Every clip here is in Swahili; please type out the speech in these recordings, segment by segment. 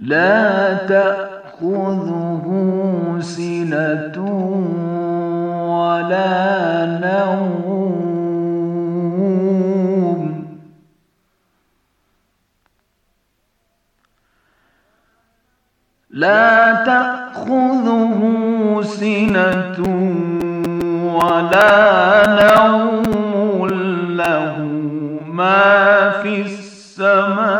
لا تأخذه سنة ولا نوم لا تأخذه سنة ولا نوم له ما في السماء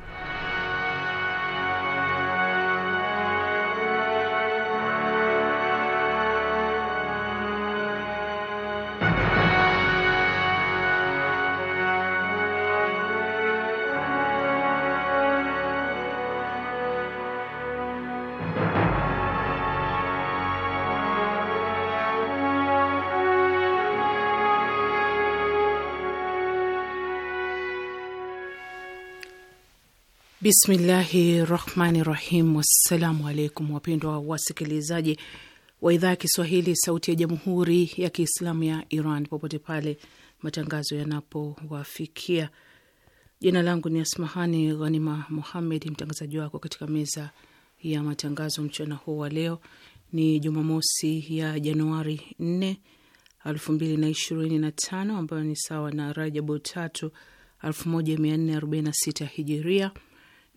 Bismillahi rahmani rahim. Wassalamu alaikum, wapendwa wasikilizaji wa idhaa ya Kiswahili sauti ya jamhuri ya Kiislamu ya Iran, popote pale matangazo yanapowafikia. Jina langu ni Asmahani Ghanima Muhammed, mtangazaji wako katika meza ya matangazo mchana huu wa leo. Ni Jumamosi ya Januari 4 2025, ambayo ni sawa na Rajabu tatu 1446 hijiria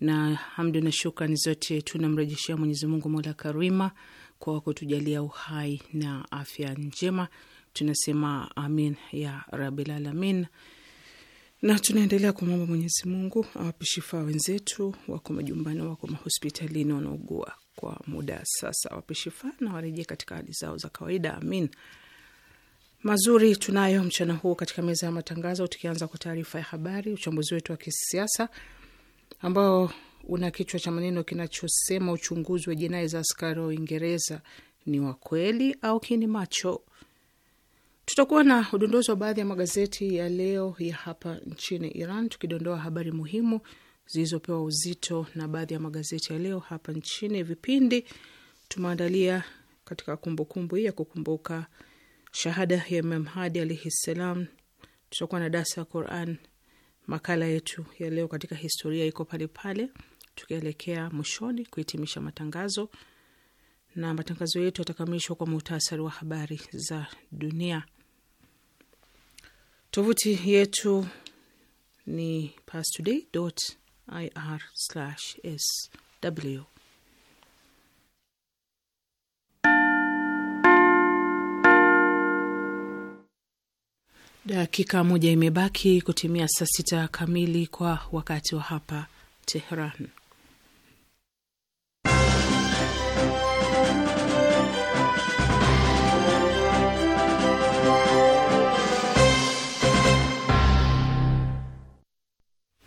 na hamdu na shukrani zote tunamrejeshea Mwenyezi Mungu mola karima kwa kutujalia uhai na afya njema. Tunasema amin ya rabil alamin, na tunaendelea kumwomba Mwenyezi Mungu awape shifa wenzetu wako majumbani, wako mahospitalini, wanaugua kwa muda sasa, awape shifa na warejee katika hali zao za kawaida, amin. Mazuri tunayo mchana huu katika meza ya matangazo, tukianza kwa taarifa ya habari, uchambuzi wetu wa kisiasa ambao una kichwa cha maneno kinachosema uchunguzi wa jinai za askari wa Uingereza ni wa kweli au kini macho. Tutakuwa na udondozi wa baadhi ya magazeti ya leo ya hapa nchini Iran, tukidondoa habari muhimu zilizopewa uzito na baadhi ya magazeti ya leo hapa nchini. Vipindi tumeandalia katika kumbukumbu hii ya kukumbuka shahada ya Imam Hadi alaihi ssalam. Tutakuwa na darsa ya Quran makala yetu ya leo katika historia iko pale pale, tukielekea mwishoni kuhitimisha matangazo, na matangazo yetu yatakamilishwa kwa muhtasari wa habari za dunia. Tovuti yetu ni pastoday.ir/sw Dakika moja imebaki kutimia saa sita kamili kwa wakati wa hapa Tehran.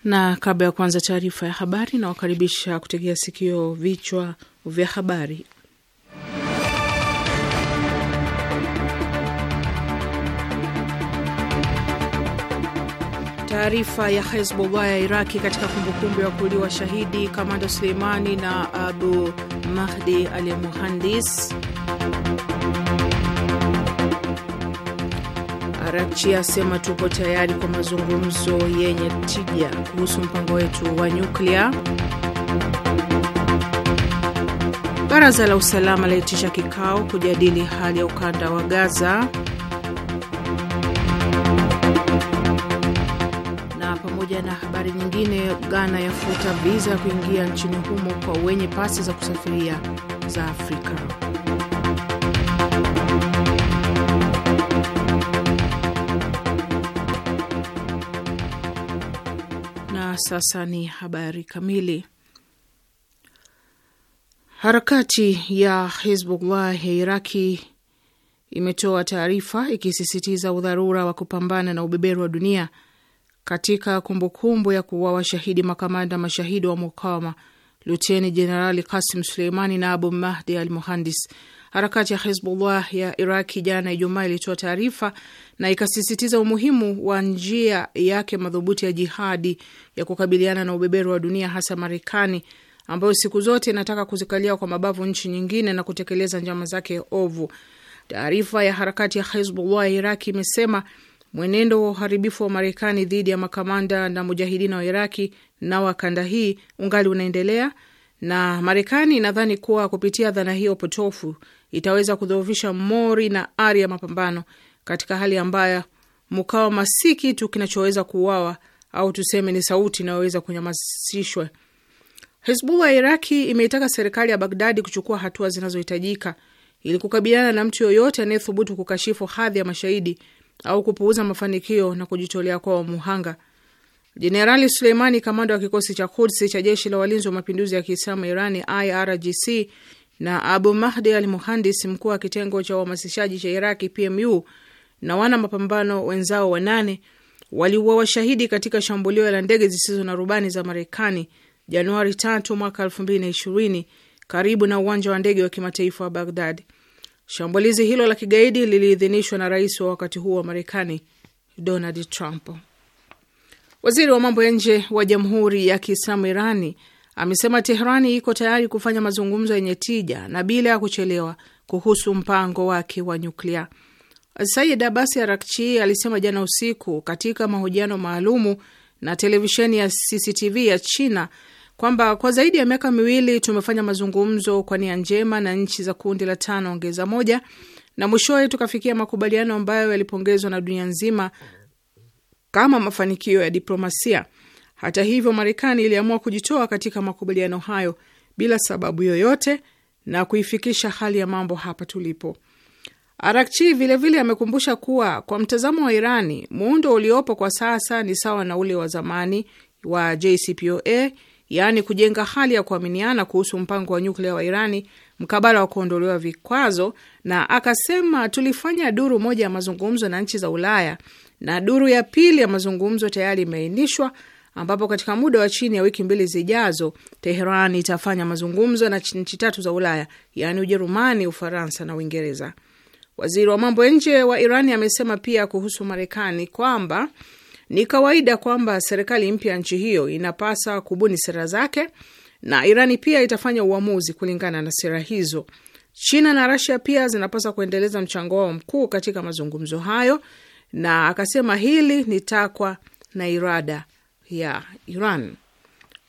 Na kabla ya kuanza taarifa ya habari, nawakaribisha kutegea sikio vichwa vya habari. Taarifa ya Hezbollah ya Iraki katika kumbukumbu ya kuuliwa shahidi kamanda Suleimani na Abu Mahdi al Muhandis. Arakchi asema tuko tayari kwa mazungumzo yenye tija kuhusu mpango wetu wa nyuklia. Baraza la usalama laitisha kikao kujadili hali ya ukanda wa Gaza. Na habari nyingine, Ghana yafuta viza ya kuingia nchini humo kwa wenye pasi za kusafiria za Afrika. Na sasa ni habari kamili. Harakati ya Hizbullah ya Iraki imetoa taarifa ikisisitiza udharura wa kupambana na ubeberu wa dunia katika kumbukumbu kumbu ya kuuawa shahidi makamanda mashahidi wa mukawama Luteni Jenerali Kasim Suleimani na Abu Mahdi al Muhandis. Harakati ya Hizbullah ya Iraki jana Ijumaa ilitoa taarifa na ikasisitiza umuhimu wa njia yake madhubuti ya jihadi ya kukabiliana na ubeberu wa dunia, hasa Marekani ambayo siku zote inataka kuzikalia kwa mabavu nchi nyingine na kutekeleza njama zake ovu. Taarifa ya harakati ya Hizbullah ya Iraki imesema Mwenendo wa uharibifu wa Marekani dhidi ya makamanda na mujahidina wa Iraki na wakanda hii ungali unaendelea, na Marekani inadhani kuwa kupitia dhana hiyo potofu itaweza kudhoofisha mori na ari ya mapambano katika hali ambayo mukawama si kitu kinachoweza kuuawa au tuseme ni sauti inayoweza kunyamasishwa. Hizbullah ya Iraki imeitaka serikali ya Bagdadi kuchukua hatua zinazohitajika ili kukabiliana na mtu yoyote anayethubutu kukashifu hadhi ya mashahidi au kupuuza mafanikio na kujitolea kwao muhanga. Jenerali Suleimani, kamanda wa kikosi cha Kudsi cha jeshi la walinzi wa mapinduzi ya Kiislamu Irani IRGC na Abu Mahdi al Muhandis, mkuu wa kitengo cha uhamasishaji cha Iraki PMU na wana mapambano wenzao wanane waliuwa washahidi katika shambulio la ndege zisizo na rubani za Marekani Januari 3 mwaka 2020 karibu na uwanja wa ndege wa kimataifa wa bagdadi Shambulizi hilo la kigaidi liliidhinishwa na rais wa wakati huo wa Marekani, Donald Trump. Waziri wa mambo ya nje wa Jamhuri ya Kiislamu Irani amesema Teherani iko tayari kufanya mazungumzo yenye tija na bila ya kuchelewa kuhusu mpango wake wa nyuklia. Sayid Abasi Arakchi alisema jana usiku katika mahojiano maalumu na televisheni ya CCTV ya China kwamba kwa zaidi ya miaka miwili tumefanya mazungumzo kwa nia njema na nchi za kundi la tano ongeza moja na mwishowe tukafikia makubaliano ambayo yalipongezwa na dunia nzima kama mafanikio ya diplomasia. Hata hivyo, Marekani iliamua kujitoa katika makubaliano hayo bila sababu yoyote na kuifikisha hali ya mambo hapa tulipo. Arakchi vilevile amekumbusha kuwa kwa mtazamo wa Irani, muundo uliopo kwa sasa ni sawa na ule wa zamani wa JCPOA yaani kujenga hali ya kuaminiana kuhusu mpango wa nyuklia wa Irani mkabala wa kuondolewa vikwazo, na akasema tulifanya duru moja ya mazungumzo na nchi za Ulaya na duru ya pili ya mazungumzo tayari imeainishwa, ambapo katika muda wa chini ya wiki mbili zijazo Teheran itafanya mazungumzo na nchi tatu za Ulaya, yaani Ujerumani, Ufaransa na Uingereza. Waziri wa mambo ya nje wa Irani amesema pia kuhusu Marekani kwamba ni kawaida kwamba serikali mpya ya nchi hiyo inapasa kubuni sera zake na Irani pia itafanya uamuzi kulingana na sera hizo. China na Rasia pia zinapaswa kuendeleza mchango wao mkuu katika mazungumzo hayo, na akasema hili ni takwa na irada ya Iran.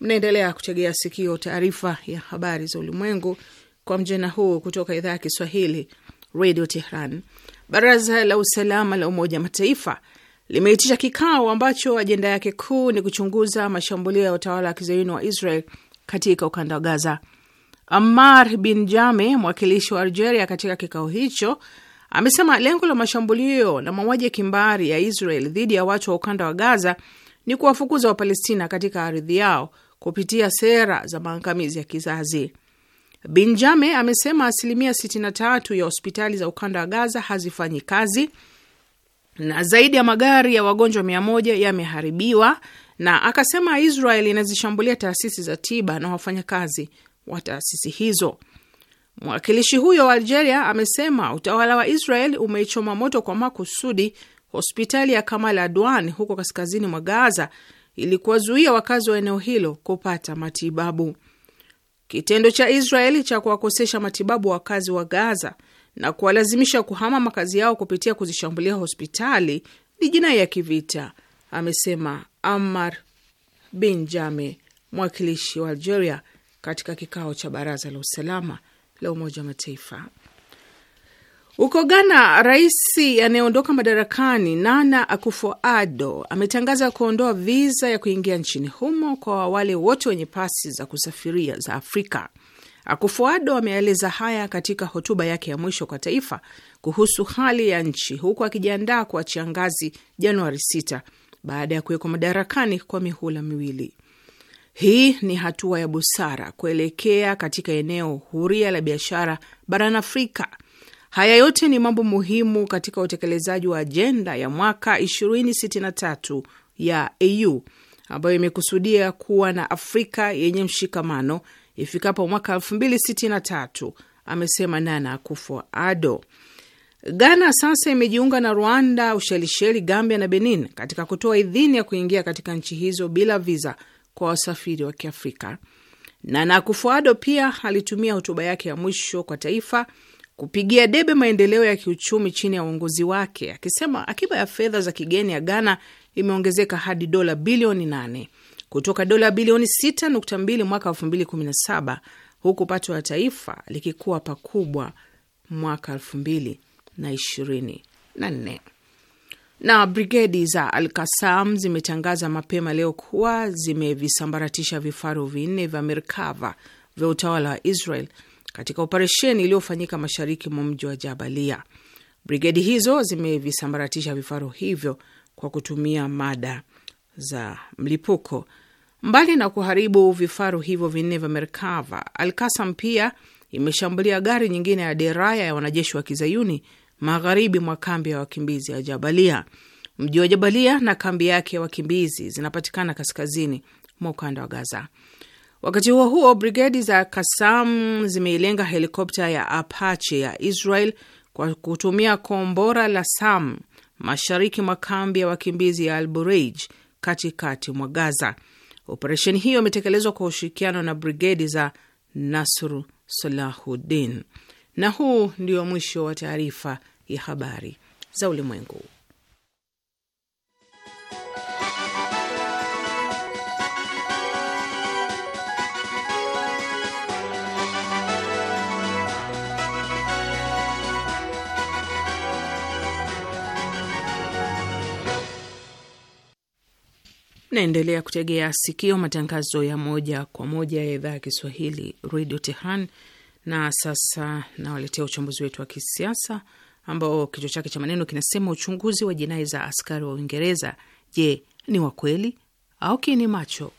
Mnaendelea kutegea sikio taarifa ya habari za ulimwengu kwa mjana huu kutoka idhaa ya Kiswahili, Radio Tehran. Baraza la Usalama la Umoja Mataifa limeitisha kikao ambacho ajenda yake kuu ni kuchunguza mashambulio ya utawala wa kizayuni wa Israel katika ukanda wa Gaza. Ammar bin Jame, mwakilishi wa Algeria katika kikao hicho, amesema lengo la mashambulio na mauaji ya kimbari ya Israel dhidi ya watu wa ukanda wa Gaza ni kuwafukuza Wapalestina katika ardhi yao kupitia sera za maangamizi ya kizazi. Bin Jame amesema asilimia 63 ya hospitali za ukanda wa Gaza hazifanyi kazi na zaidi ya magari ya wagonjwa mia moja yameharibiwa, na akasema Israel inazishambulia taasisi za tiba na wafanyakazi wa taasisi hizo. Mwakilishi huyo wa Algeria amesema utawala wa Israel umeichoma moto kwa makusudi hospitali ya Kamal Adwan huko kaskazini mwa Gaza ili kuwazuia wakazi wa eneo hilo kupata matibabu. Kitendo cha Israeli cha kuwakosesha matibabu wakazi wa Gaza na kuwalazimisha kuhama makazi yao kupitia kuzishambulia hospitali ni jinai ya kivita, amesema Ammar bin Jame, mwakilishi wa Algeria katika kikao cha Baraza la Usalama la Umoja wa Mataifa. Huko Ghana, rais anayeondoka madarakani Nana Akufo-Addo ametangaza kuondoa viza ya kuingia nchini humo kwa wale wote wenye pasi za kusafiria za Afrika. Akufuado ameeleza haya katika hotuba yake ya mwisho kwa taifa kuhusu hali ya nchi, huku akijiandaa kuachia ngazi Januari 6 baada ya kuwekwa madarakani kwa mihula miwili. Hii ni hatua ya busara kuelekea katika eneo huria la biashara barani Afrika. Haya yote ni mambo muhimu katika utekelezaji wa ajenda ya mwaka 2063 ya AU ambayo imekusudia kuwa na Afrika yenye mshikamano ifikapo mwaka tatu, amesema Nana akufo Ado. Ghana sasa imejiunga na Rwanda, Ushelisheli, Gambia na Benin katika kutoa idhini ya kuingia katika nchi hizo bila viza kwa wasafiri wa Kiafrika. Nana Akufo-Addo pia alitumia hotuba yake ya mwisho kwa taifa kupigia debe maendeleo ya kiuchumi chini ya uongozi wake, akisema akiba ya fedha za kigeni ya Ghana imeongezeka hadi dola bilioni nane kutoka dola bilioni 6.2 mwaka 2017 huku pato la taifa likikuwa pakubwa mwaka 2024. Na brigedi za al kasam zimetangaza mapema leo kuwa zimevisambaratisha vifaru vinne vya Merkava vya utawala wa Israel katika operesheni iliyofanyika mashariki mwa mji wa Jabalia. Brigedi hizo zimevisambaratisha vifaru hivyo kwa kutumia mada za mlipuko. Mbali na kuharibu vifaru hivyo vinne vya Merkava, Alkasam pia imeshambulia gari nyingine ya deraya ya wanajeshi wa kizayuni magharibi mwa kambi ya wakimbizi ya Jabalia. Mji wa Jabalia na kambi yake ya wakimbizi zinapatikana kaskazini mwa ukanda wa Gaza. Wakati huo huo, brigedi za Kasam zimeilenga helikopta ya Apache ya Israel kwa kutumia kombora la Sam mashariki mwa kambi ya wakimbizi ya Albureij katikati mwa Gaza. Operesheni hiyo imetekelezwa kwa ushirikiano na brigedi za Nasru Salahuddin. Na huu ndio mwisho wa taarifa ya habari za ulimwengu. Naendelea kutegea sikio matangazo ya moja kwa moja ya idhaa ya Kiswahili radio Tehran. Na sasa nawaletea uchambuzi wetu wa kisiasa ambao kichwa chake cha maneno kinasema uchunguzi wa jinai za askari wa Uingereza, je, ni wa kweli au kini macho?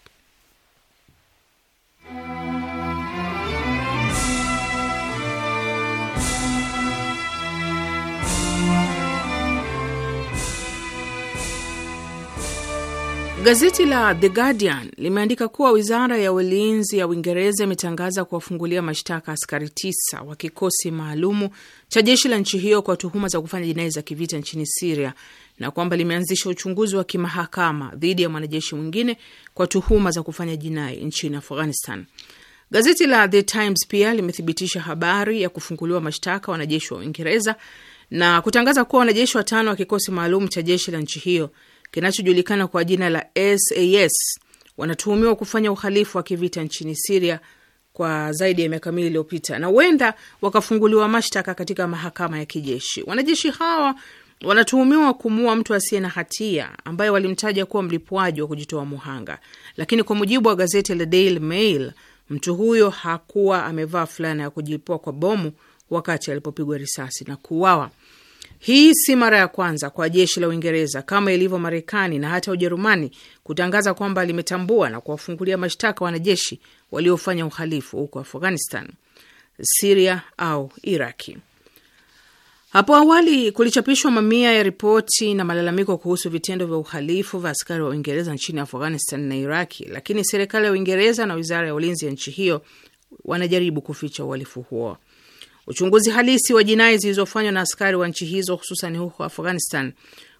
Gazeti la The Guardian limeandika kuwa wizara ya ulinzi ya Uingereza imetangaza kuwafungulia mashtaka askari tisa wa kikosi maalumu cha jeshi la nchi hiyo kwa tuhuma za kufanya jinai za kivita nchini Siria na kwamba limeanzisha uchunguzi wa kimahakama dhidi ya mwanajeshi mwingine kwa tuhuma za kufanya jinai nchini Afghanistan. Gazeti la The Times pia limethibitisha habari ya kufunguliwa mashtaka wanajeshi wa Uingereza na kutangaza kuwa wanajeshi watano wa kikosi maalum cha jeshi la nchi hiyo kinachojulikana kwa jina la SAS wanatuhumiwa kufanya uhalifu wa kivita nchini Siria kwa zaidi ya miaka miwili iliyopita na huenda wakafunguliwa mashtaka katika mahakama ya kijeshi. Wanajeshi hawa wanatuhumiwa kumuua mtu asiye na hatia ambaye walimtaja kuwa mlipuaji wa kujitoa muhanga, lakini kwa mujibu wa gazeti la Daily Mail, mtu huyo hakuwa amevaa fulana ya kujipua kwa bomu wakati alipopigwa risasi na kuuawa. Hii si mara ya kwanza kwa jeshi la Uingereza kama ilivyo Marekani na hata Ujerumani kutangaza kwamba limetambua na kuwafungulia mashtaka wanajeshi waliofanya uhalifu huko Afghanistan, Siria au Iraki. Hapo awali kulichapishwa mamia ya ripoti na malalamiko kuhusu vitendo vya uhalifu vya askari wa Uingereza nchini Afghanistan na Iraki, lakini serikali ya Uingereza na wizara ya ulinzi ya nchi hiyo wanajaribu kuficha uhalifu huo. Uchunguzi halisi wa jinai zilizofanywa na askari wa nchi hizo hususan huko Afghanistan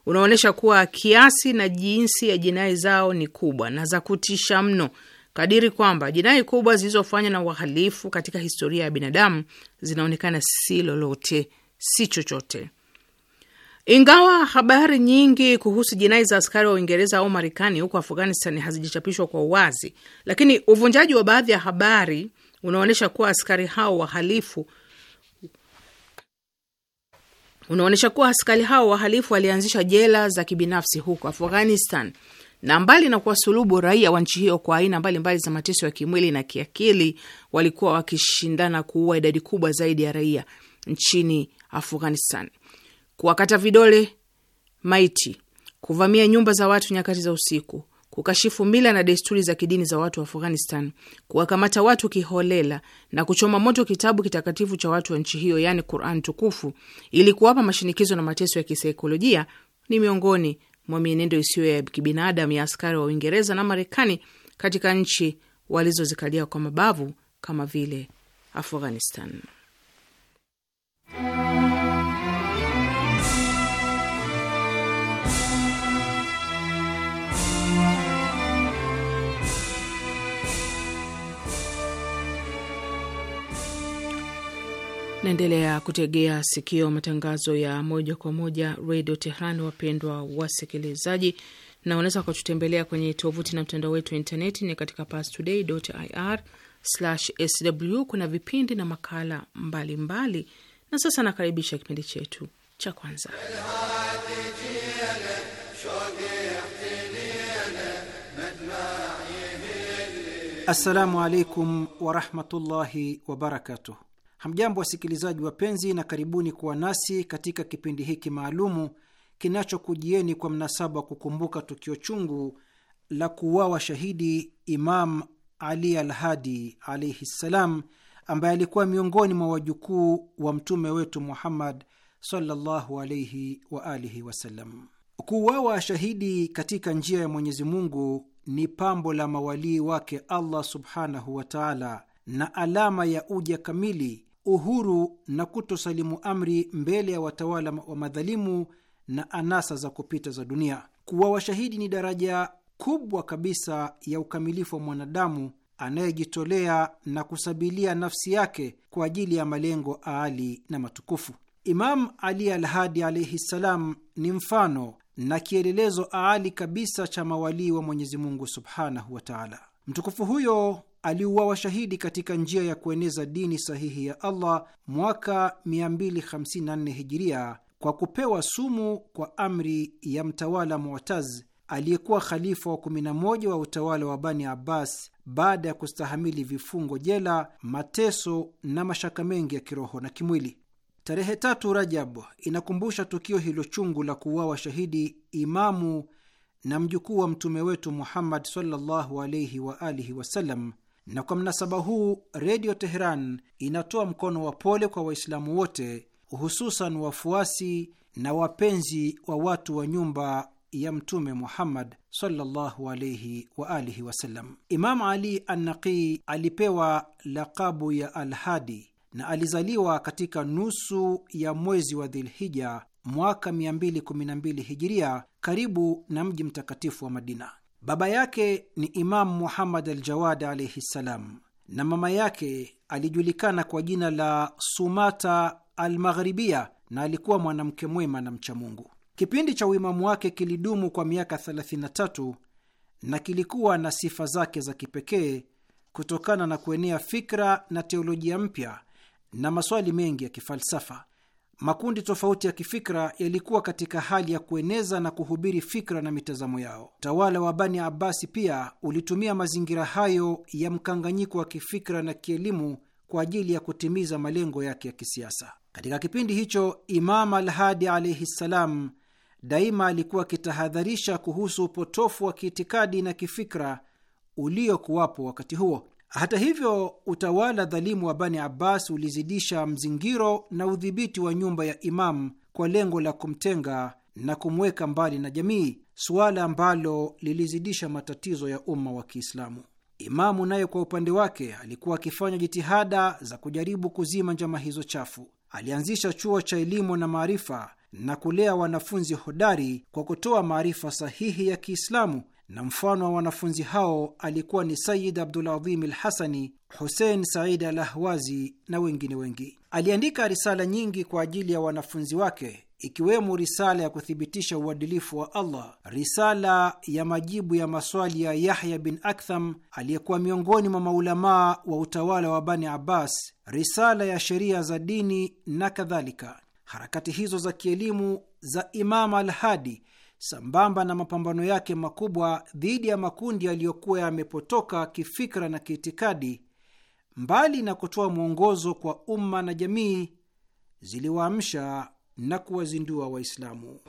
unaonyesha kuwa kiasi na jinsi ya jinai zao ni kubwa na za kutisha mno, kadiri kwamba jinai kubwa zilizofanywa na wahalifu katika historia ya binadamu zinaonekana si lolote, si chochote. Ingawa habari nyingi kuhusu jinai za askari wa Uingereza au Marekani huko Afghanistan hazijachapishwa kwa uwazi, lakini uvunjaji wa baadhi ya habari unaonyesha kuwa askari hao wahalifu unaonyesha kuwa askari hao wahalifu walianzisha jela za kibinafsi huko Afghanistan, na mbali na kuwasulubu raia wa nchi hiyo kwa aina mbalimbali za mateso ya kimwili na kiakili, walikuwa wakishindana kuua idadi kubwa zaidi ya raia nchini Afghanistan, kuwakata vidole maiti, kuvamia nyumba za watu nyakati za usiku, ukashifu mila na desturi za kidini za watu wa Afghanistan, kuwakamata watu kiholela na kuchoma moto kitabu kitakatifu cha watu wa nchi hiyo, yaani Quran tukufu, ili kuwapa mashinikizo na mateso ya kisaikolojia ni miongoni mwa mienendo isiyo ya kibinadamu ya askari wa Uingereza na Marekani katika nchi walizozikalia kwa mabavu kama vile Afghanistan. Naendelea kutegea sikio matangazo ya moja kwa moja redio Tehran, wapendwa wasikilizaji, na unaweza kututembelea kwenye tovuti na mtandao wetu wa intaneti ni katika pastoday.ir/sw. Kuna vipindi na makala mbalimbali mbali. Na sasa nakaribisha kipindi chetu cha kwanza Assalamu alaikum warahmatullahi wabarakatuh. Hamjambo wasikilizaji wapenzi, na karibuni kuwa nasi katika kipindi hiki maalumu kinachokujieni kwa mnasaba wa kukumbuka tukio chungu la kuuawa shahidi Imam Ali Alhadi alaihi ssalam, ambaye alikuwa miongoni mwa wajukuu wa mtume wetu Muhammad sallallahu alaihi wasallam. Kuuawa shahidi katika njia ya Mwenyezi Mungu ni pambo la mawalii wake Allah subhanahu wataala na alama ya uja kamili uhuru na kutosalimu amri mbele ya watawala wa madhalimu na anasa za kupita za dunia. Kuwa washahidi ni daraja kubwa kabisa ya ukamilifu wa mwanadamu anayejitolea na kusabilia nafsi yake kwa ajili ya malengo aali na matukufu. Imam Ali Alhadi alaihi ssalam ni mfano na kielelezo aali kabisa cha mawalii wa Mwenyezi Mungu subhanahu wa taala. Mtukufu huyo aliuawa shahidi katika njia ya kueneza dini sahihi ya Allah mwaka 254 hijiria kwa kupewa sumu kwa amri ya mtawala Muataz aliyekuwa khalifa wa 11 wa utawala wa Bani Abbas baada ya kustahamili vifungo jela, mateso na mashaka mengi ya kiroho na kimwili. Tarehe tatu Rajab inakumbusha tukio hilo chungu la kuuawa shahidi imamu na mjukuu wa mtume wetu Muhammad sallallahu alayhi wa alihi wasallam na kwa mnasaba huu Redio Teheran inatoa mkono wa pole kwa Waislamu wote, hususan wafuasi na wapenzi wa watu wa nyumba ya Mtume Muhammad sallallahu alayhi wa alihi wasallam. Imamu Ali Annaqi alipewa lakabu ya Alhadi na alizaliwa katika nusu ya mwezi wa Dhilhija mwaka 212 hijiria karibu na mji mtakatifu wa Madina. Baba yake ni Imamu Muhammad al-Jawad alaihi ssalam, na mama yake alijulikana kwa jina la Sumata al Maghribia na alikuwa mwanamke mwema na mchamungu. Kipindi cha uimamu wake kilidumu kwa miaka 33 na kilikuwa na sifa zake za kipekee kutokana na kuenea fikra na teolojia mpya na maswali mengi ya kifalsafa makundi tofauti ya kifikra yalikuwa katika hali ya kueneza na kuhubiri fikra na mitazamo yao. Utawala wa Bani Abbasi pia ulitumia mazingira hayo ya mkanganyiko wa kifikra na kielimu kwa ajili ya kutimiza malengo yake ya kisiasa. Katika kipindi hicho, Imam Alhadi alaihi ssalam daima alikuwa akitahadharisha kuhusu upotofu wa kiitikadi na kifikra uliokuwapo wakati huo. Hata hivyo, utawala dhalimu wa Bani Abbas ulizidisha mzingiro na udhibiti wa nyumba ya Imamu kwa lengo la kumtenga na kumweka mbali na jamii, suala ambalo lilizidisha matatizo ya umma wa Kiislamu. Imamu naye kwa upande wake alikuwa akifanya jitihada za kujaribu kuzima njama hizo chafu. Alianzisha chuo cha elimu na maarifa na kulea wanafunzi hodari kwa kutoa maarifa sahihi ya Kiislamu na mfano wa wanafunzi hao alikuwa ni Sayid Abdulazim Alhasani, Husein Said Alahwazi na wengine wengi. Aliandika risala nyingi kwa ajili ya wanafunzi wake ikiwemo risala ya kuthibitisha uadilifu wa Allah, risala ya majibu ya maswali ya Yahya bin Aktham aliyekuwa miongoni mwa maulamaa wa utawala wa Bani Abbas, risala ya sheria za dini na kadhalika. Harakati hizo za kielimu za Imam Alhadi sambamba na mapambano yake makubwa dhidi ya makundi yaliyokuwa yamepotoka kifikra na kiitikadi, mbali na kutoa mwongozo kwa umma na jamii, ziliwaamsha na kuwazindua Waislamu.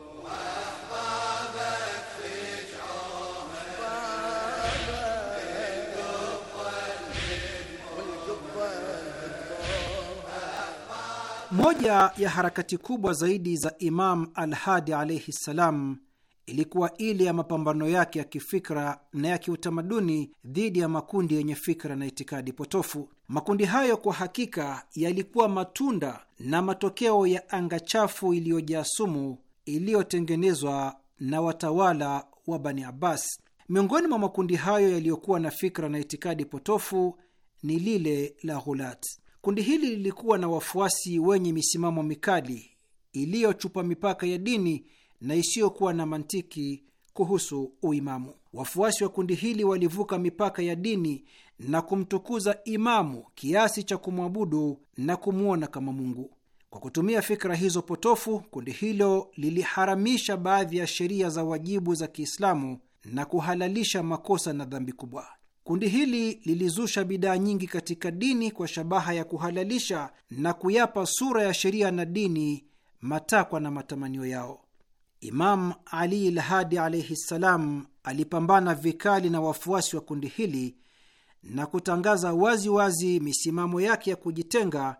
Moja ya harakati kubwa zaidi za Imam Alhadi alaihi ssalam ilikuwa ile ya mapambano yake ya kifikra na ya kiutamaduni dhidi ya makundi yenye fikra na itikadi potofu. Makundi hayo kwa hakika yalikuwa matunda na matokeo ya anga chafu iliyojaa sumu iliyotengenezwa na watawala wa Bani Abbas. Miongoni mwa makundi hayo yaliyokuwa na fikra na itikadi potofu ni lile la Ghulat. Kundi hili lilikuwa na wafuasi wenye misimamo mikali iliyochupa mipaka ya dini na isiyokuwa na mantiki kuhusu uimamu. Wafuasi wa kundi hili walivuka mipaka ya dini na kumtukuza imamu kiasi cha kumwabudu na kumwona kama Mungu. Kwa kutumia fikra hizo potofu, kundi hilo liliharamisha baadhi ya sheria za wajibu za Kiislamu na kuhalalisha makosa na dhambi kubwa. Kundi hili lilizusha bidaa nyingi katika dini kwa shabaha ya kuhalalisha na kuyapa sura ya sheria na dini matakwa na matamanio yao. Imam Ali lhadi alaihi ssalam alipambana vikali na wafuasi wa kundi hili na kutangaza waziwazi wazi misimamo yake ya kujitenga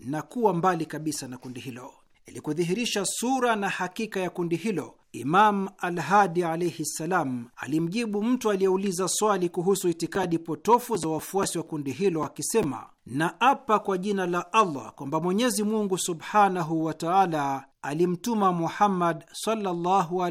na kuwa mbali kabisa na kundi hilo. Ili kudhihirisha sura na hakika ya kundi hilo, Imam Alhadi alaihi ssalam alimjibu mtu aliyeuliza swali kuhusu itikadi potofu za wafuasi wa kundi hilo akisema, na apa kwa jina la Allah kwamba Mwenyezi Mungu subhanahu wa taala alimtuma Muhammad sallallahu wa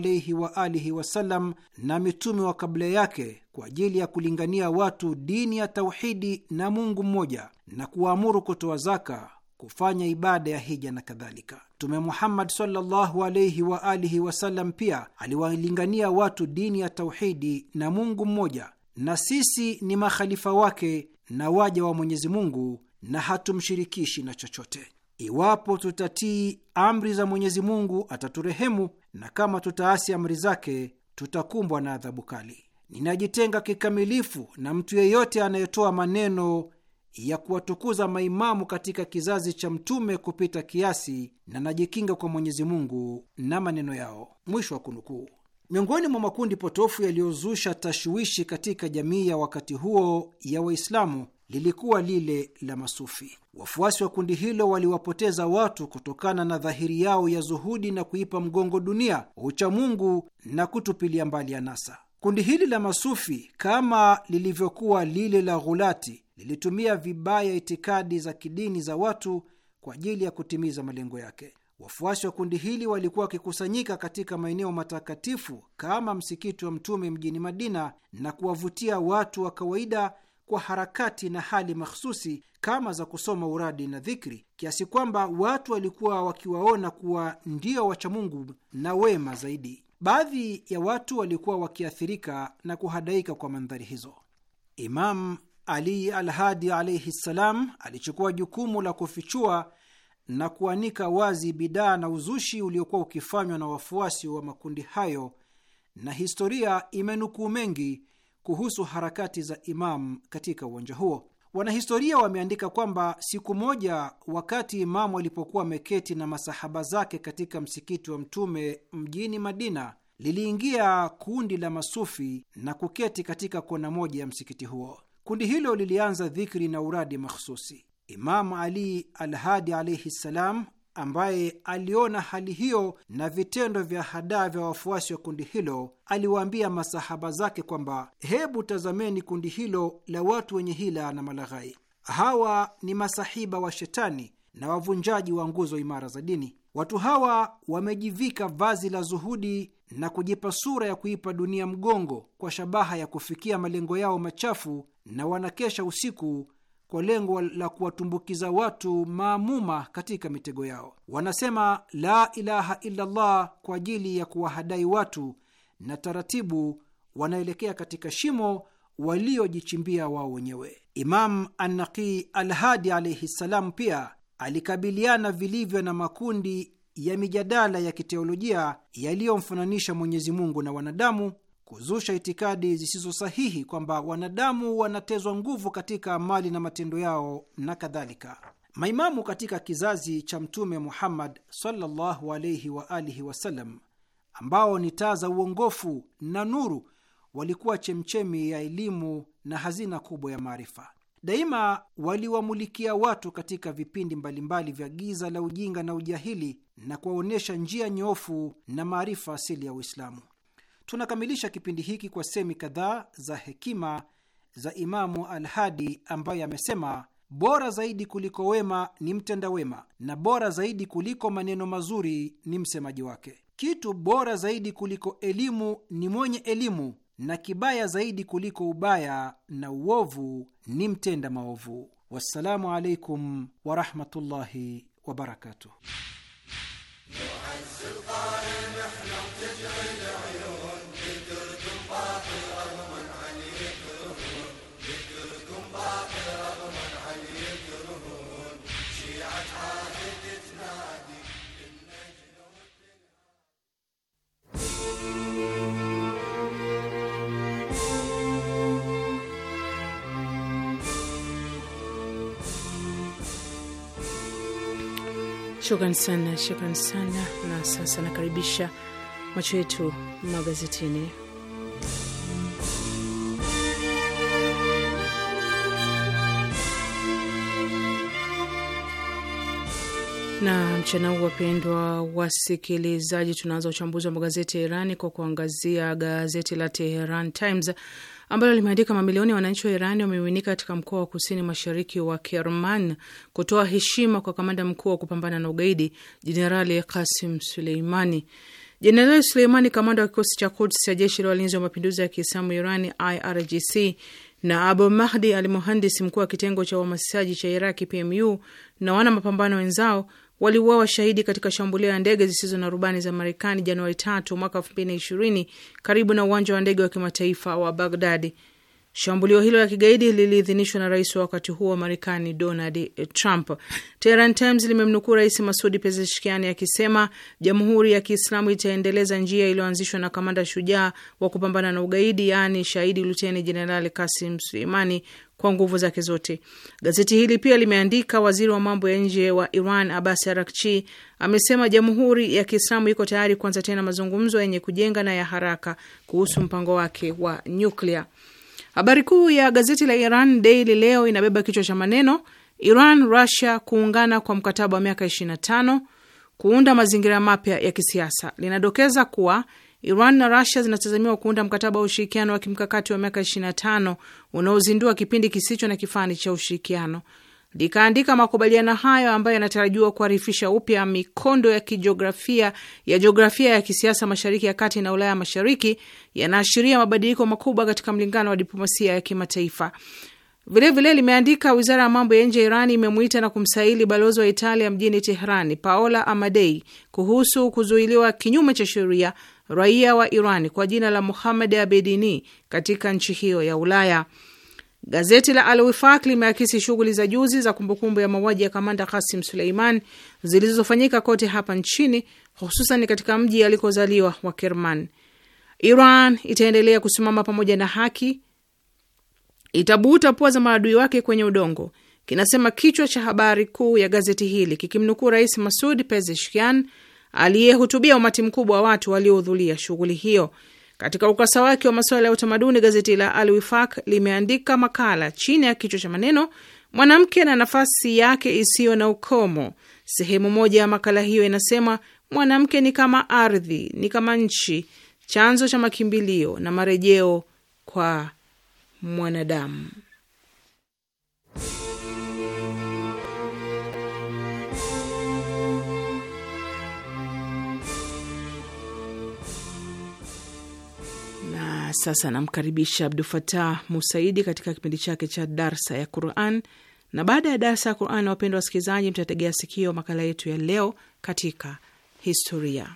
alihi wasallam na mitume wa kabla yake kwa ajili ya kulingania watu dini ya tauhidi na Mungu mmoja na kuwaamuru kutoa zaka, kufanya ibada ya hija na kadhalika. Mtume Muhammad sallallahu wa alihi wasallam pia aliwalingania watu dini ya tauhidi na Mungu mmoja, na sisi ni makhalifa wake na waja wa Mwenyezi Mungu na hatumshirikishi na chochote. Iwapo tutatii amri za Mwenyezi Mungu ataturehemu, na kama tutaasi amri zake tutakumbwa na adhabu kali. Ninajitenga kikamilifu na mtu yeyote anayetoa maneno ya kuwatukuza maimamu katika kizazi cha Mtume kupita kiasi, na najikinga kwa Mwenyezi Mungu na maneno yao. Mwisho wa kunukuu. Miongoni mwa makundi potofu yaliyozusha tashwishi katika jamii ya wakati huo ya Waislamu lilikuwa lile la masufi. Wafuasi wa kundi hilo waliwapoteza watu kutokana na dhahiri yao ya zuhudi na kuipa mgongo dunia, uchamungu na kutupilia mbali anasa. Kundi hili la masufi kama lilivyokuwa lile la ghulati lilitumia vibaya itikadi za kidini za watu kwa ajili ya kutimiza malengo yake. Wafuasi wa kundi hili walikuwa wakikusanyika katika maeneo matakatifu kama msikiti wa Mtume mjini Madina na kuwavutia watu wa kawaida kwa harakati na hali mahsusi kama za kusoma uradi na dhikri, kiasi kwamba watu walikuwa wakiwaona kuwa ndio wachamungu na wema zaidi. Baadhi ya watu walikuwa wakiathirika na kuhadaika kwa mandhari hizo. Imam Ali Alhadi alaihi ssalam alichukua jukumu la kufichua na kuanika wazi bidaa na uzushi uliokuwa ukifanywa na wafuasi wa makundi hayo, na historia imenukuu mengi kuhusu harakati za Imam katika uwanja huo. Wanahistoria wameandika kwamba siku moja, wakati Imamu alipokuwa ameketi na masahaba zake katika msikiti wa Mtume mjini Madina, liliingia kundi la masufi na kuketi katika kona moja ya msikiti huo. Kundi hilo lilianza dhikri na uradi makhususi. Imamu Ali Alhadi alaihi ssalam ambaye aliona hali hiyo na vitendo vya hadaa vya wafuasi wa kundi hilo, aliwaambia masahaba zake kwamba hebu tazameni kundi hilo la watu wenye hila na malaghai. Hawa ni masahiba wa shetani na wavunjaji wa nguzo imara za dini. Watu hawa wamejivika vazi la zuhudi na kujipa sura ya kuipa dunia mgongo kwa shabaha ya kufikia malengo yao machafu, na wanakesha usiku kwa lengo la kuwatumbukiza watu maamuma katika mitego yao. Wanasema la ilaha illallah kwa ajili ya kuwahadai watu, na taratibu wanaelekea katika shimo waliojichimbia wao wenyewe. Imam Annaqi Alhadi alaihi ssalam pia alikabiliana vilivyo na makundi ya mijadala ya kiteolojia yaliyomfananisha Mwenyezi Mungu na wanadamu kuzusha itikadi zisizo sahihi kwamba wanadamu wanatezwa nguvu katika mali na matendo yao na kadhalika. Maimamu katika kizazi cha Mtume Muhammad sallallahu alayhi wa alihi wasallam, ambao ni taa za uongofu na nuru, walikuwa chemchemi ya elimu na hazina kubwa ya maarifa. Daima waliwamulikia watu katika vipindi mbalimbali vya giza la ujinga na ujahili na kuwaonyesha njia nyoofu na maarifa asili ya Uislamu. Tunakamilisha kipindi hiki kwa semi kadhaa za hekima za Imamu Alhadi ambaye amesema, bora zaidi kuliko wema ni mtenda wema, na bora zaidi kuliko maneno mazuri ni msemaji wake. Kitu bora zaidi kuliko elimu ni mwenye elimu, na kibaya zaidi kuliko ubaya na uovu ni mtenda maovu. Wassalamu alaikum warahmatullahi wabarakatuh. Shukran sana, shukran sana. Na sasa nakaribisha macho yetu magazetini. Na mchana huu, wapendwa wasikilizaji, tunaanza uchambuzi wa magazeti ya Irani kwa kuangazia gazeti la Teheran Times ambalo limeandika mamilioni ya wananchi wa Irani wamemiminika katika mkoa wa kusini mashariki wa Kerman kutoa heshima kwa kamanda mkuu wa kupambana na ugaidi Jenerali Kasim Suleimani. Jenerali Suleimani, kamanda wa kikosi cha Kuds cha jeshi la walinzi wa mapinduzi ya Kiislamu Irani, IRGC, na Abu Mahdi Al Muhandis, mkuu wa kitengo cha uhamasishaji cha Iraki, PMU, na wana mapambano wenzao waliuawa shahidi katika shambulio ya ndege zisizo na rubani za Marekani Januari 3 mwaka ishirini karibu na uwanja wa ndege wa kimataifa wa Bagdadi. Shambulio hilo la kigaidi liliidhinishwa na rais wa wakati huo wa Marekani, Donald Trump. Tehran Times limemnukuu Rais Masudi Pezeshkiani akisema jamhuri ya Kiislamu itaendeleza njia iliyoanzishwa na kamanda shujaa wa kupambana na ugaidi, yaani shahidi luteni jenerali Kasim Suleimani kwa nguvu zake zote. Gazeti hili pia limeandika, waziri wa mambo ya nje wa Iran Abbas Arakchi amesema jamhuri ya Kiislamu iko tayari kuanza tena mazungumzo yenye kujenga na ya haraka kuhusu mpango wake wa nyuklia. Habari kuu ya gazeti la Iran Daily leo inabeba kichwa cha maneno Iran Russia kuungana kwa mkataba wa miaka 25 kuunda mazingira mapya ya kisiasa. Linadokeza kuwa Iran na Rusia zinatazamiwa kuunda mkataba wa ushirikiano wa kimkakati wa miaka 25 unaozindua kipindi kisicho na kifani cha ushirikiano. Likaandika makubaliano hayo ambayo yanatarajiwa kuharifisha upya mikondo ya kijiografia ya jiografia ya kisiasa Mashariki ya Kati na Ulaya Mashariki yanaashiria mabadiliko makubwa katika mlingano wa diplomasia ya kimataifa. Vilevile limeandika wizara ya mambo ya nje ya Irani imemwita na kumsaili balozi wa Italia mjini Teherani, Paola Amadei, kuhusu kuzuiliwa kinyume cha sheria raia wa Iran kwa jina la Muhamed Abedini katika nchi hiyo ya Ulaya. Gazeti la Al Wifaq limeakisi shughuli za juzi za kumbukumbu ya mauaji ya kamanda Kasim Suleiman zilizofanyika kote hapa nchini, hususan katika mji alikozaliwa wa Kerman. Iran itaendelea kusimama pamoja na haki, itabuta pua za maadui wake kwenye udongo, kinasema kichwa cha habari kuu ya gazeti hili kikimnukuu Rais Masud Pezeshkian aliyehutubia umati mkubwa wa watu waliohudhuria shughuli hiyo. Katika ukasa wake wa masuala ya utamaduni, gazeti la Al Wifaq limeandika makala chini ya kichwa cha maneno mwanamke na nafasi yake isiyo na ukomo. Sehemu moja ya makala hiyo inasema mwanamke ni kama ardhi, ni kama nchi, chanzo cha makimbilio na marejeo kwa mwanadamu. sasa namkaribisha Abdu Fatah Musaidi katika kipindi chake cha darsa ya Quran, na baada ya darsa ya Quran, wapendwa wasikilizaji, mtategea sikio makala yetu ya leo katika historia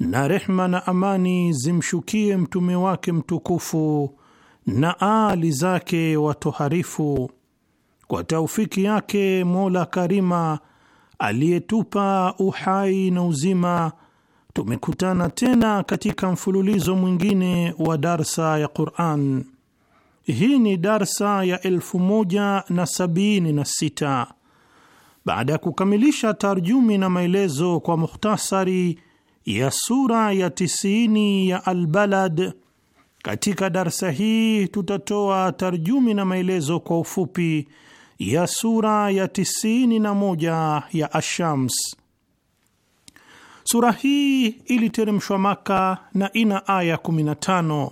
na rehma na amani zimshukie mtume wake mtukufu na aali zake watoharifu. Kwa taufiki yake Mola Karima aliyetupa uhai na uzima, tumekutana tena katika mfululizo mwingine wa darsa ya Quran. Hii ni darsa ya elfu moja na sabini na sita baada ya kukamilisha tarjumi na maelezo kwa mukhtasari ya sura ya tisini ya Albalad. Katika darsa hii tutatoa tarjumi na maelezo kwa ufupi ya sura ya tisini na moja ya Ashams. Sura hii iliteremshwa Maka na ina aya 15.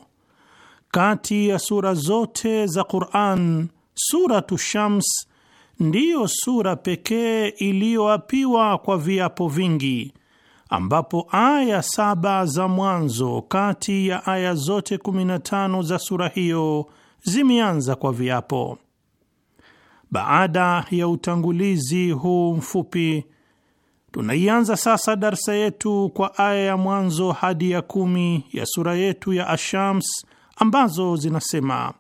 Kati ya sura zote za Quran, Suratu Shams ndiyo sura pekee iliyoapiwa kwa viapo vingi ambapo aya saba za mwanzo kati ya aya zote 15 za sura hiyo zimeanza kwa viapo. Baada ya utangulizi huu mfupi, tunaianza sasa darsa yetu kwa aya ya mwanzo hadi ya kumi ya sura yetu ya Ashams ambazo zinasema: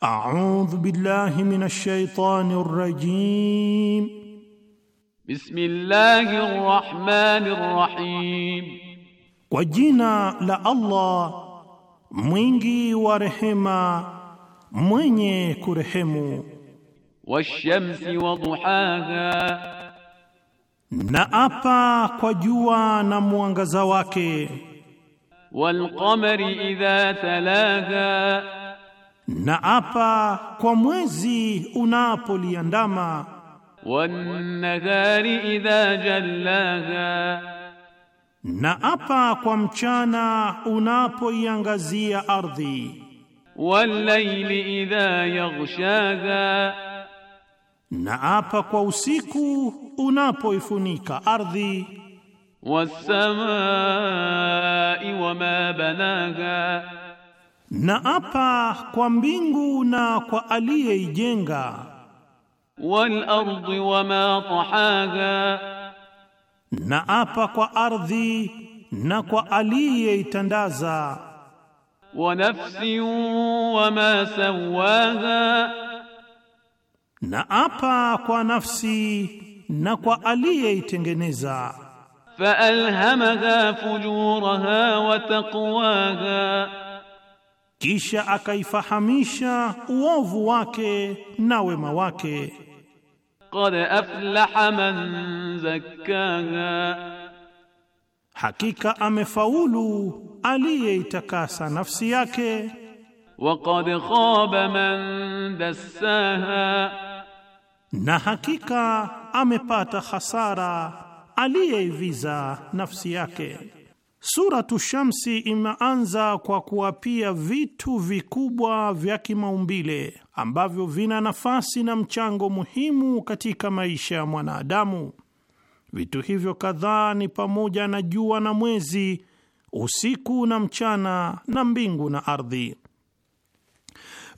audhu billahi minash shaitani rajim Bismillahir Rahmanir Rahim, kwa jina la Allah mwingi wa rehema mwenye kurehemu. Washamsi waduhaha, na apa kwa jua na mwangaza wake. Walqamari idha talaha, na apa kwa mwezi unapoliandama Wan-nadhari idha jallaha, na apa kwa mchana unapoiangazia ardhi. Wal-laili idha yaghshaha, na apa kwa usiku unapoifunika ardhi. Was-samai wama banaha, na apa kwa mbingu na kwa aliyeijenga wal ardi wama tahaha, na apa kwa ardhi na kwa aliyeitandaza. Wa nafsi wama sawaha, na apa kwa nafsi na kwa aliyeitengeneza. Fa alhamaha fujuraha wa taqwaha, kisha akaifahamisha uovu wake na wema wake. قد أفلح من زكاها حقيقة أم فولو علي تكاسى نفسياك وقد خاب من دساها نحقيقة أم بات خسارة علي فيزا نفسياك نفسياك Suratu Shamsi imeanza kwa kuapia vitu vikubwa vya kimaumbile ambavyo vina nafasi na mchango muhimu katika maisha ya mwanadamu. Vitu hivyo kadhaa ni pamoja na jua na mwezi, usiku na mchana, na mbingu na ardhi.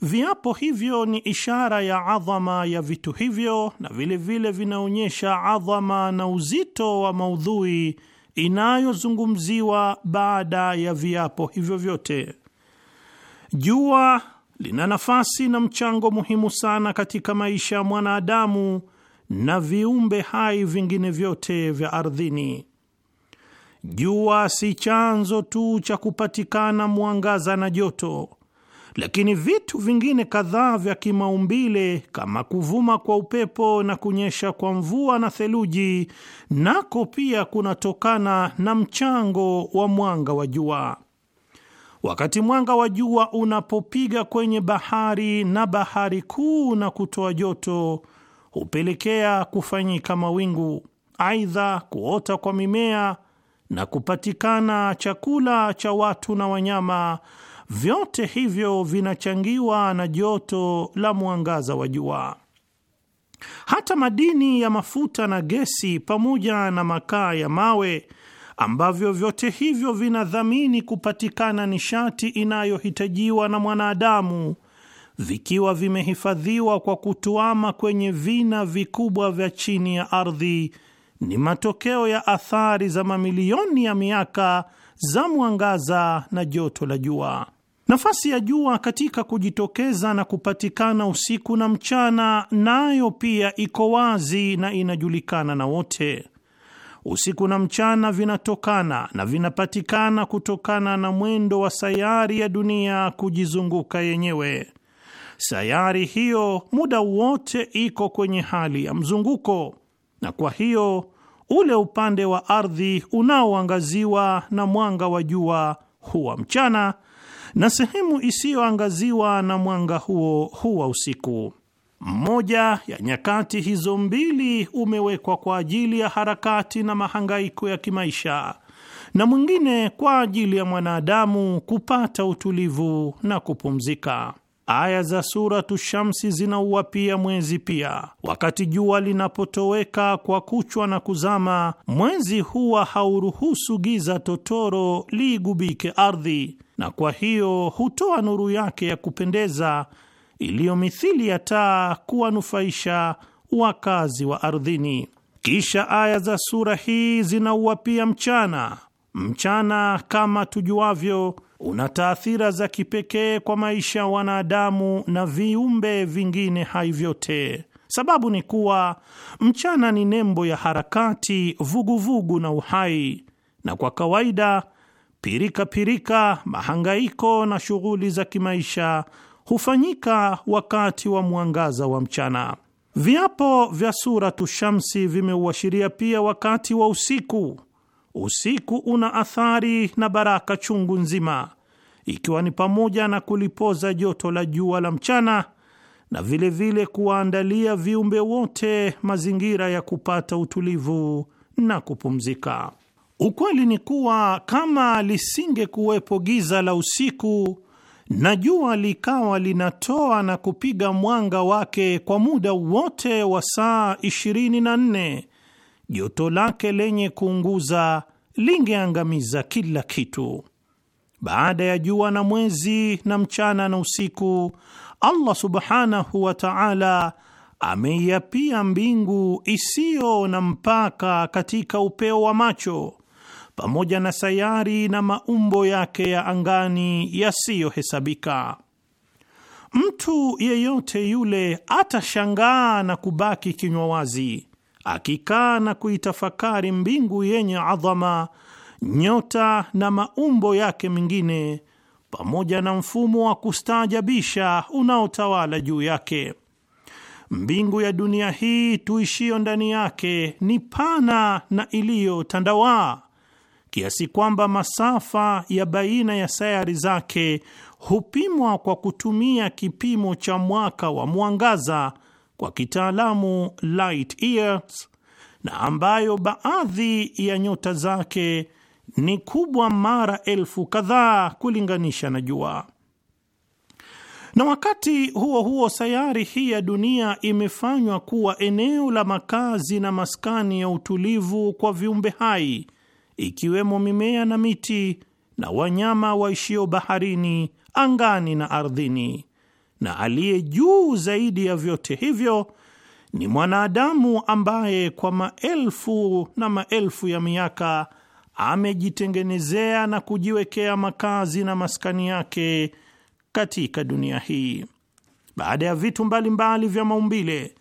Viapo hivyo ni ishara ya adhama ya vitu hivyo na vilevile vinaonyesha adhama na uzito wa maudhui inayozungumziwa baada ya viapo hivyo vyote. Jua lina nafasi na mchango muhimu sana katika maisha ya mwanadamu na viumbe hai vingine vyote vya ardhini. Jua si chanzo tu cha kupatikana mwangaza na joto, lakini vitu vingine kadhaa vya kimaumbile kama kuvuma kwa upepo na kunyesha kwa mvua na theluji nako pia kunatokana na mchango wa mwanga wa jua. Wakati mwanga wa jua unapopiga kwenye bahari na bahari kuu na kutoa joto, hupelekea kufanyika mawingu, aidha kuota kwa mimea na kupatikana chakula cha watu na wanyama Vyote hivyo vinachangiwa na joto la mwangaza wa jua. Hata madini ya mafuta na gesi pamoja na makaa ya mawe ambavyo vyote hivyo vinadhamini kupatikana nishati inayohitajiwa na mwanadamu, vikiwa vimehifadhiwa kwa kutuama kwenye vina vikubwa vya chini ya ardhi, ni matokeo ya athari za mamilioni ya miaka za mwangaza na joto la jua. Nafasi ya jua katika kujitokeza na kupatikana usiku na mchana nayo na pia iko wazi na inajulikana na wote. Usiku na mchana vinatokana na vinapatikana kutokana na mwendo wa sayari ya dunia kujizunguka yenyewe. Sayari hiyo muda wote iko kwenye hali ya mzunguko, na kwa hiyo ule upande wa ardhi unaoangaziwa na mwanga wa jua huwa mchana na sehemu isiyoangaziwa na mwanga huo huwa usiku. Mmoja ya nyakati hizo mbili umewekwa kwa ajili ya harakati na mahangaiko ya kimaisha na mwingine kwa ajili ya mwanadamu kupata utulivu na kupumzika. Aya za Suratu Shamsi zinauapia mwezi pia. Wakati jua linapotoweka kwa kuchwa na kuzama, mwezi huwa hauruhusu giza totoro liigubike ardhi, na kwa hiyo hutoa nuru yake ya kupendeza iliyo mithili ya taa kuwanufaisha wakazi wa ardhini. Kisha aya za sura hii zinauapia mchana. Mchana kama tujuavyo, una taathira za kipekee kwa maisha ya wanadamu na viumbe vingine hai vyote. Sababu ni kuwa mchana ni nembo ya harakati, vuguvugu vugu na uhai, na kwa kawaida pirikapirika, mahangaiko na shughuli za kimaisha hufanyika wakati wa mwangaza wa mchana. Viapo vya Suratu Shamsi vimeuashiria pia wakati wa usiku. Usiku una athari na baraka chungu nzima, ikiwa ni pamoja na kulipoza joto la jua la mchana na vilevile kuwaandalia viumbe wote mazingira ya kupata utulivu na kupumzika. Ukweli ni kuwa kama lisingekuwepo giza la usiku na jua likawa linatoa na kupiga mwanga wake kwa muda wote wa saa 24, joto lake lenye kuunguza lingeangamiza kila kitu. Baada ya jua na mwezi na mchana na usiku, Allah subhanahu wa ta'ala ameiapia mbingu isiyo na mpaka katika upeo wa macho pamoja na sayari na maumbo yake ya angani yasiyohesabika. Mtu yeyote yule atashangaa na kubaki kinywa wazi akikaa na kuitafakari mbingu yenye adhama, nyota na maumbo yake mengine, pamoja na mfumo wa kustaajabisha unaotawala juu yake. Mbingu ya dunia hii tuishio ndani yake ni pana na iliyotandawaa kiasi kwamba masafa ya baina ya sayari zake hupimwa kwa kutumia kipimo cha mwaka wa mwangaza, kwa kitaalamu light years, na ambayo baadhi ya nyota zake ni kubwa mara elfu kadhaa kulinganisha na jua. Na wakati huo huo, sayari hii ya dunia imefanywa kuwa eneo la makazi na maskani ya utulivu kwa viumbe hai ikiwemo mimea na miti na wanyama waishio baharini, angani na ardhini, na aliye juu zaidi ya vyote hivyo ni mwanadamu ambaye kwa maelfu na maelfu ya miaka amejitengenezea na kujiwekea makazi na maskani yake katika dunia hii. Baada ya vitu mbalimbali mbali vya maumbile,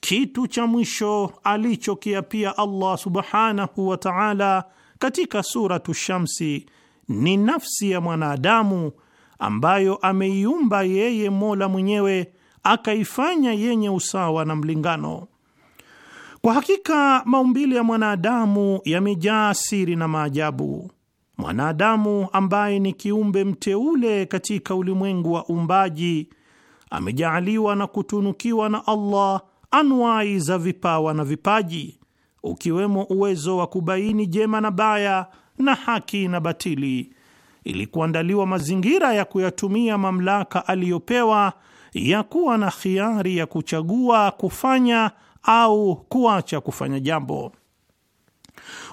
kitu cha mwisho alichokiapia Allah subhanahu wa ta'ala katika Suratu Shamsi ni nafsi ya mwanadamu ambayo ameiumba yeye Mola mwenyewe akaifanya yenye usawa na mlingano. Kwa hakika maumbile ya mwanadamu yamejaa siri na maajabu. Mwanadamu ambaye ni kiumbe mteule katika ulimwengu wa uumbaji amejaaliwa na kutunukiwa na Allah anwai za vipawa na vipaji ukiwemo uwezo wa kubaini jema na baya na haki na batili, ili kuandaliwa mazingira ya kuyatumia mamlaka aliyopewa ya kuwa na khiari ya kuchagua kufanya au kuacha kufanya jambo.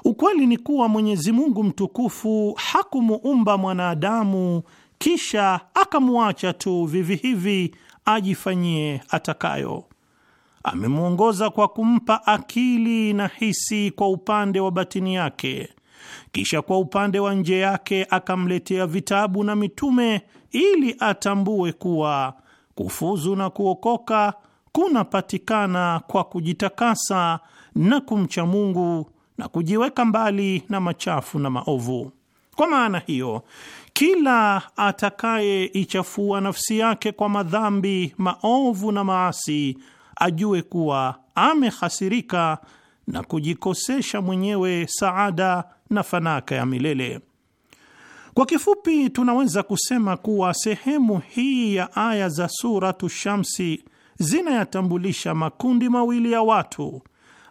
Ukweli ni kuwa Mwenyezi Mungu mtukufu hakumuumba mwanadamu kisha akamwacha tu vivi hivi ajifanyie atakayo amemwongoza kwa kumpa akili na hisi kwa upande wa batini yake, kisha kwa upande wa nje yake akamletea vitabu na mitume ili atambue kuwa kufuzu na kuokoka kunapatikana kwa kujitakasa na kumcha Mungu na kujiweka mbali na machafu na maovu. Kwa maana hiyo, kila atakayeichafua nafsi yake kwa madhambi maovu na maasi ajue kuwa amehasirika na kujikosesha mwenyewe saada na fanaka ya milele. Kwa kifupi, tunaweza kusema kuwa sehemu hii ya aya za Suratu Shamsi zinayatambulisha makundi mawili ya watu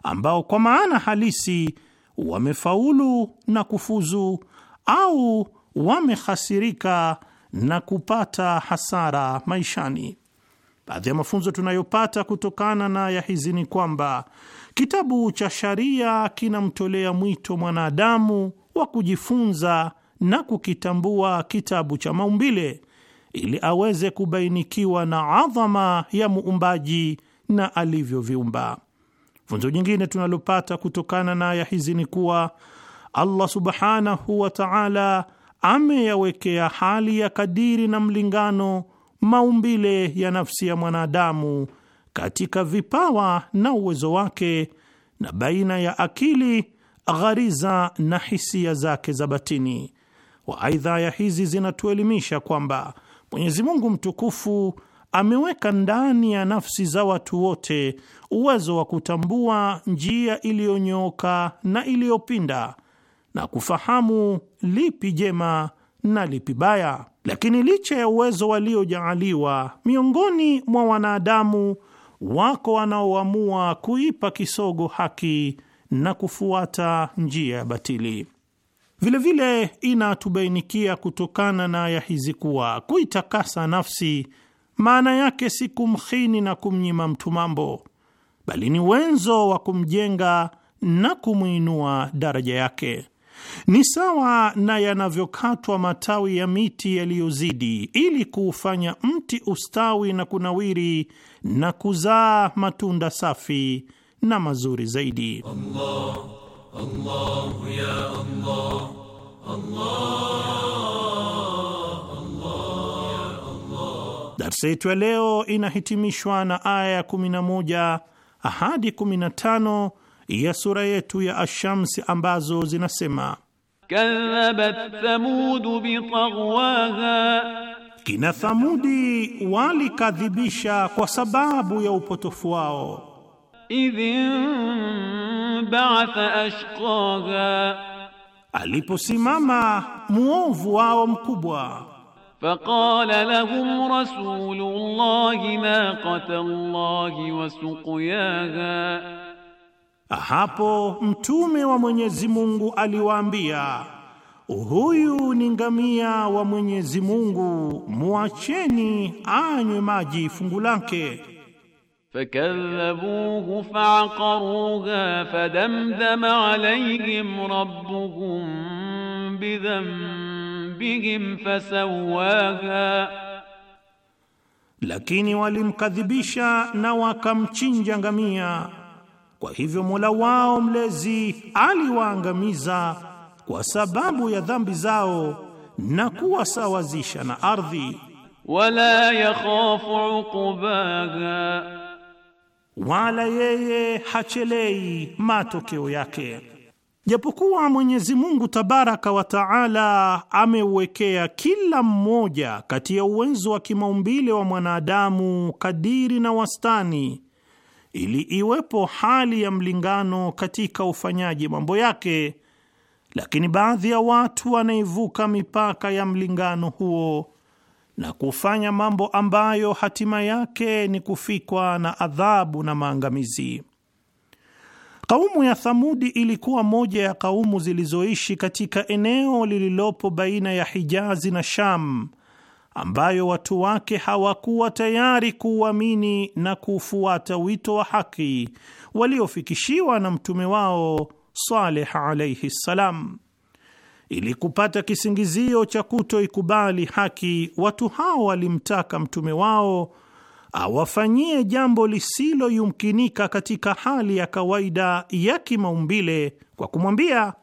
ambao kwa maana halisi wamefaulu na kufuzu au wamehasirika na kupata hasara maishani. Baadhi ya mafunzo tunayopata kutokana na ya hizi ni kwamba kitabu cha sharia kinamtolea mwito mwanadamu wa kujifunza na kukitambua kitabu cha maumbile ili aweze kubainikiwa na adhama ya muumbaji na alivyoviumba. Funzo jingine tunalopata kutokana na aya hizi ni kuwa Allah subhanahu wa taala ameyawekea hali ya kadiri na mlingano maumbile ya nafsi ya mwanadamu katika vipawa na uwezo wake na baina ya akili, ghariza na hisia zake za batini. aidha ya hizi zinatuelimisha kwamba Mwenyezi Mungu mtukufu ameweka ndani ya nafsi za watu wote uwezo wa kutambua njia iliyonyooka na iliyopinda na kufahamu lipi jema na lipi baya. Lakini licha ya uwezo waliojaaliwa, miongoni mwa wanadamu wako wanaoamua kuipa kisogo haki na kufuata njia ya batili. Vilevile inatubainikia kutokana na aya hizi kuwa kuitakasa nafsi maana yake si kumhini na kumnyima mtu mambo, bali ni wenzo wa kumjenga na kumwinua daraja yake. Ni sawa na yanavyokatwa matawi ya miti yaliyozidi ili kuufanya mti ustawi na kunawiri na kuzaa matunda safi na mazuri zaidi. Allah, Allah, ya Allah, Allah, Allah, Allah. Darsa yetu ya leo inahitimishwa na aya ya 11 hadi 15 ya sura yetu ya Ashamsi ambazo zinasema: kadhabat thamud bi kina Thamudi walikadhibisha kwa sababu ya upotofu wao. Idhin ba'atha ashqaha, aliposimama muovu wao mkubwa. Faqala lahum rasulullahi naqata Allahi wa suqyaha hapo mtume wa Mwenyezi Mungu aliwaambia, huyu ni ngamia wa Mwenyezi Mungu, muacheni anywe maji fungu lake. Fakadhabuhu faakaruha fadamdama alayhim rabbuhum bidhanbihim fasawaha, lakini walimkadhibisha na wakamchinja ngamia kwa hivyo Mola wao mlezi aliwaangamiza kwa sababu ya dhambi zao na kuwasawazisha na ardhi. Wala yakhafu uqbaha, wala yeye hachelei matokeo yake. Japokuwa Mwenyezi Mungu Tabaraka wa Taala ameuwekea kila mmoja kati ya uwezo wa kimaumbile wa mwanadamu kadiri na wastani ili iwepo hali ya mlingano katika ufanyaji mambo yake, lakini baadhi ya watu wanaivuka mipaka ya mlingano huo na kufanya mambo ambayo hatima yake ni kufikwa na adhabu na maangamizi. Kaumu ya Thamudi ilikuwa moja ya kaumu zilizoishi katika eneo lililopo baina ya Hijazi na Sham ambayo watu wake hawakuwa tayari kuuamini na kufuata wito wa haki waliofikishiwa na mtume wao Saleh alayhi ssalam. Ili kupata kisingizio cha kutoikubali haki, watu hao walimtaka mtume wao awafanyie jambo lisiloyumkinika katika hali ya kawaida ya kimaumbile kwa kumwambia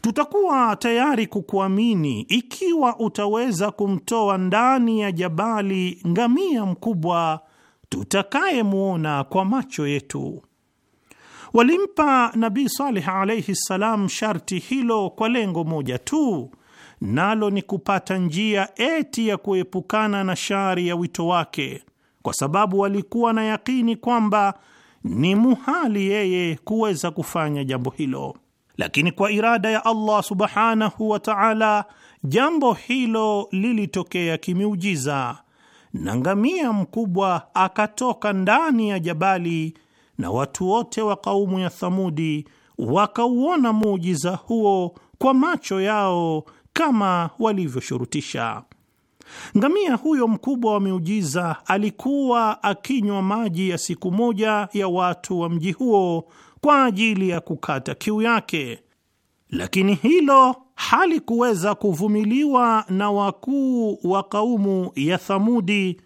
tutakuwa tayari kukuamini ikiwa utaweza kumtoa ndani ya jabali ngamia mkubwa tutakayemwona kwa macho yetu. Walimpa Nabii Saleh alaihi ssalam sharti hilo kwa lengo moja tu, nalo ni kupata njia eti ya kuepukana na shari ya wito wake, kwa sababu walikuwa na yakini kwamba ni muhali yeye kuweza kufanya jambo hilo lakini kwa irada ya Allah subhanahu wa ta'ala, jambo hilo lilitokea kimiujiza, na ngamia mkubwa akatoka ndani ya jabali na watu wote wa kaumu ya Thamudi wakauona muujiza huo kwa macho yao kama walivyoshurutisha. Ngamia huyo mkubwa wa miujiza alikuwa akinywa maji ya siku moja ya watu wa mji huo kwa ajili ya kukata kiu yake, lakini hilo halikuweza kuvumiliwa na wakuu wa kaumu ya Thamudi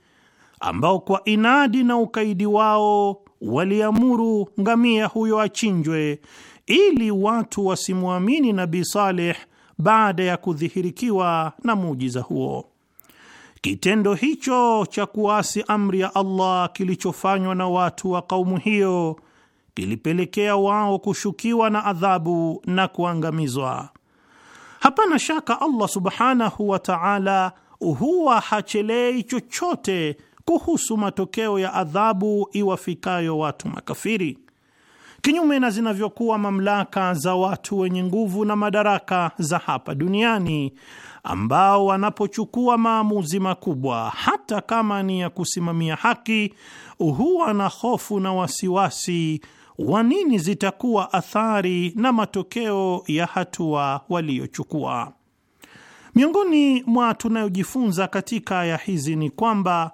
ambao kwa inadi na ukaidi wao waliamuru ngamia huyo achinjwe ili watu wasimwamini Nabii Saleh baada ya kudhihirikiwa na muujiza huo. Kitendo hicho cha kuasi amri ya Allah kilichofanywa na watu wa kaumu hiyo kilipelekea wao kushukiwa na adhabu na kuangamizwa. Hapana shaka Allah subhanahu wa ta'ala huwa hachelei chochote kuhusu matokeo ya adhabu iwafikayo watu makafiri, kinyume na zinavyokuwa mamlaka za watu wenye nguvu na madaraka za hapa duniani, ambao wanapochukua maamuzi makubwa, hata kama ni ya kusimamia haki, huwa na hofu na wasiwasi wa nini zitakuwa athari na matokeo ya hatua waliyochukua. Miongoni mwa tunayojifunza katika aya hizi ni kwamba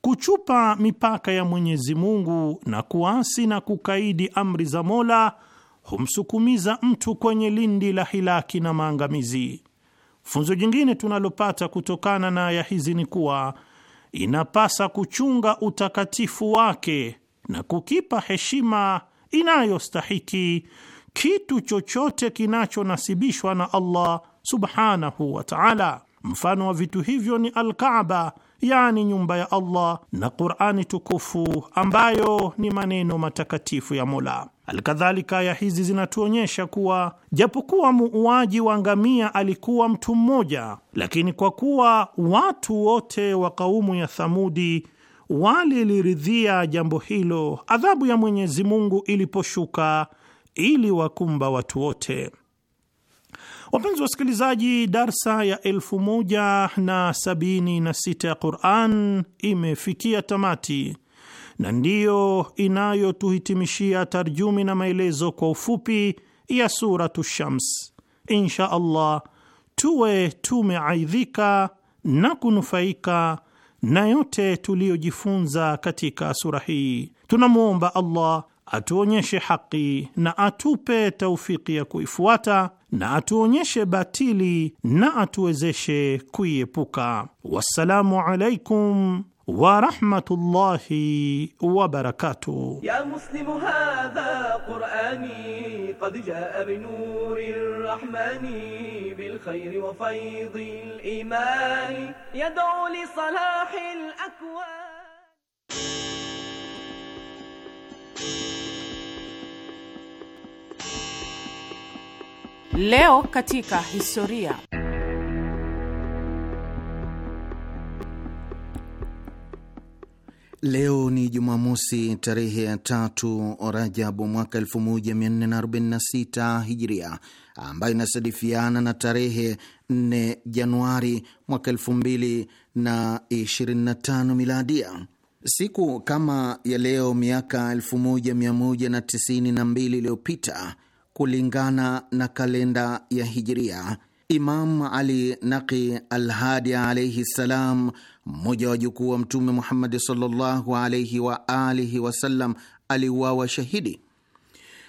kuchupa mipaka ya Mwenyezi Mungu na kuasi na kukaidi amri za Mola humsukumiza mtu kwenye lindi la hilaki na maangamizi. Funzo jingine tunalopata kutokana na aya hizi ni kuwa inapasa kuchunga utakatifu wake na kukipa heshima inayostahiki kitu chochote kinachonasibishwa na Allah subhanahu wa ta'ala. Mfano wa vitu hivyo ni Al-Kaaba, yani nyumba ya Allah na Qur'ani tukufu ambayo ni maneno matakatifu ya Mola. Alkadhalika, aya hizi zinatuonyesha kuwa japokuwa muuaji wa ngamia alikuwa mtu mmoja, lakini kwa kuwa watu wote wa kaumu ya Thamudi waliliridhia jambo hilo adhabu ya Mwenyezi Mungu iliposhuka ili wakumba watu wote. Wapenzi wasikilizaji, darsa ya elfu moja na sabini na sita ya Quran imefikia tamati na ndiyo inayotuhitimishia tarjumi na maelezo kwa ufupi ya Suratu Shams. Insha Allah tuwe tumeaidhika na kunufaika na yote tuliyojifunza katika sura hii. Tunamwomba Allah atuonyeshe haki na atupe taufiki ya kuifuata na atuonyeshe batili na atuwezeshe kuiepuka. Wassalamu alaikum wa rahmatullahi wa barakatuh. Ya muslimu hadha Qur'ani قد جاء بنور الرحمن بالخير وفيض الإيمان يدعو لصلاح الأكوان Leo katika historia. Leo ni Jumamosi, tarehe ya tatu Rajabu mwaka 1446 Hijria, ambayo inasadifiana na tarehe 4 Januari mwaka 2025 Miladia. Siku kama ya leo miaka 1192 iliyopita kulingana na kalenda ya Hijria, Imam Ali Naqi Alhadi alaihi ssalam mmoja wa jukuu wa Mtume Muhammadi sallallahu alaihi wa alihi wasallam aliuawa shahidi.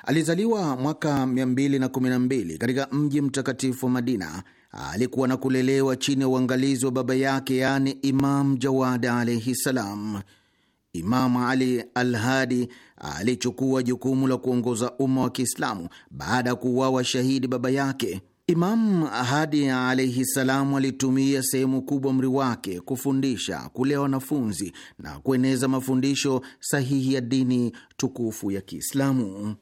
Alizaliwa mwaka 212 katika mji mtakatifu wa Madina. Alikuwa na kulelewa chini ya uangalizi wa baba yake, yaani Imam Jawad alaihi salam. Imamu Ali Alhadi alichukua jukumu la kuongoza umma wa Kiislamu baada ya kuuawa shahidi baba yake. Imamu Hadi alaihi salam alitumia sehemu kubwa umri wake kufundisha, kulea wanafunzi na kueneza mafundisho sahihi ya dini tukufu ya Kiislamu.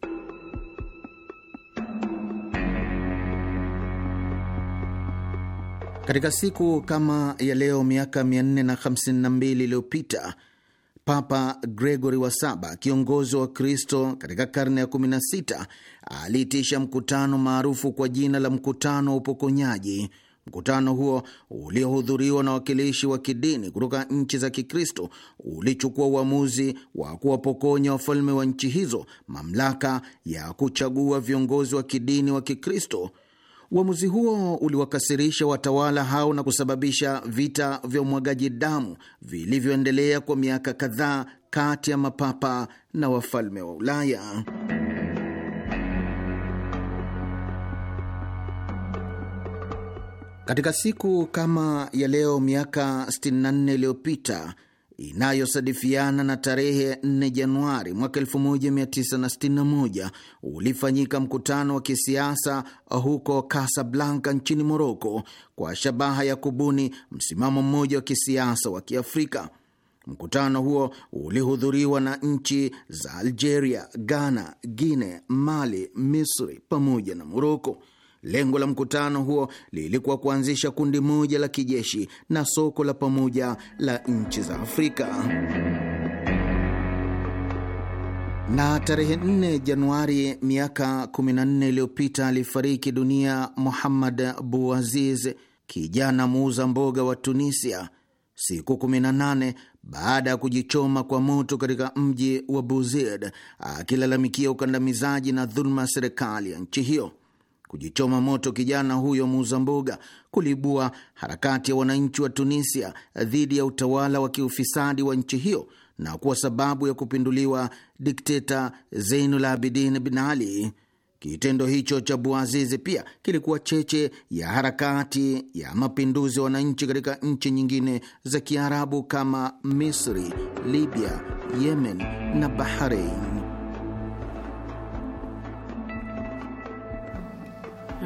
Katika siku kama ya leo miaka 452 iliyopita Papa Gregory wa Saba, kiongozi wa Kristo katika karne ya 16, aliitisha mkutano maarufu kwa jina la mkutano wa upokonyaji. Mkutano huo uliohudhuriwa na wakilishi wa kidini kutoka nchi za Kikristo ulichukua uamuzi wa kuwapokonya wafalme wa nchi hizo mamlaka ya kuchagua viongozi wa kidini wa Kikristo Uamuzi huo uliwakasirisha watawala hao na kusababisha vita vya umwagaji damu vilivyoendelea kwa miaka kadhaa kati ya mapapa na wafalme wa Ulaya. Katika siku kama ya leo miaka 64 iliyopita inayosadifiana na tarehe 4 Januari mwaka 1961 ulifanyika mkutano wa kisiasa huko Casablanca nchini Moroko kwa shabaha ya kubuni msimamo mmoja wa kisiasa wa Kiafrika. Mkutano huo ulihudhuriwa na nchi za Algeria, Ghana, Guinea, Mali, Misri pamoja na Moroko. Lengo la mkutano huo lilikuwa kuanzisha kundi moja la kijeshi na soko la pamoja la nchi za Afrika na tarehe 4 Januari miaka 14 iliyopita alifariki dunia Muhammad Bouaziz, kijana muuza mboga wa Tunisia, siku 18 baada ya kujichoma kwa moto katika mji wa Buzid, akilalamikia ukandamizaji na dhuluma ya serikali ya nchi hiyo. Kujichoma moto kijana huyo muuza mboga kulibua harakati ya wananchi wa Tunisia dhidi ya utawala wa kiufisadi wa nchi hiyo na kuwa sababu ya kupinduliwa dikteta Zeinul Abidin Bin Ali. Kitendo hicho cha Buazizi pia kilikuwa cheche ya harakati ya mapinduzi ya wananchi katika nchi nyingine za Kiarabu kama Misri, Libya, Yemen na bahrein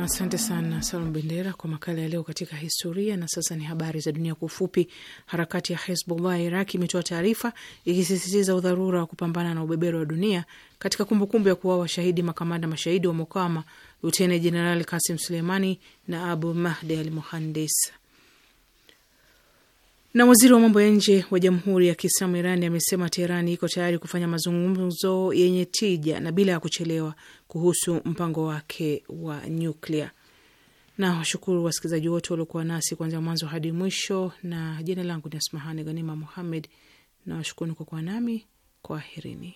Asante sana Salum Bendera kwa makala ya leo katika historia. Na sasa ni habari za dunia kwa ufupi. Harakati ya Hezbollah ya Iraq imetoa taarifa ikisisitiza udharura wa kupambana na ubebero wa dunia katika kumbukumbu ya kuwa washahidi makamanda mashahidi wa Mukawama, Luteni Jenerali Kasim Suleimani na Abu Mahdi al Muhandis. Na waziri wa mambo ya nje wa Jamhuri ya Kiislamu Irani amesema Teherani iko tayari kufanya mazungumzo yenye tija na bila ya kuchelewa kuhusu mpango wake wa nyuklia. Na washukuru wasikilizaji wote waliokuwa nasi kuanzia mwanzo hadi mwisho, na jina langu ni Asmahani Ghanima Muhammed na washukuruni kwa kuwa nami. Kwaherini.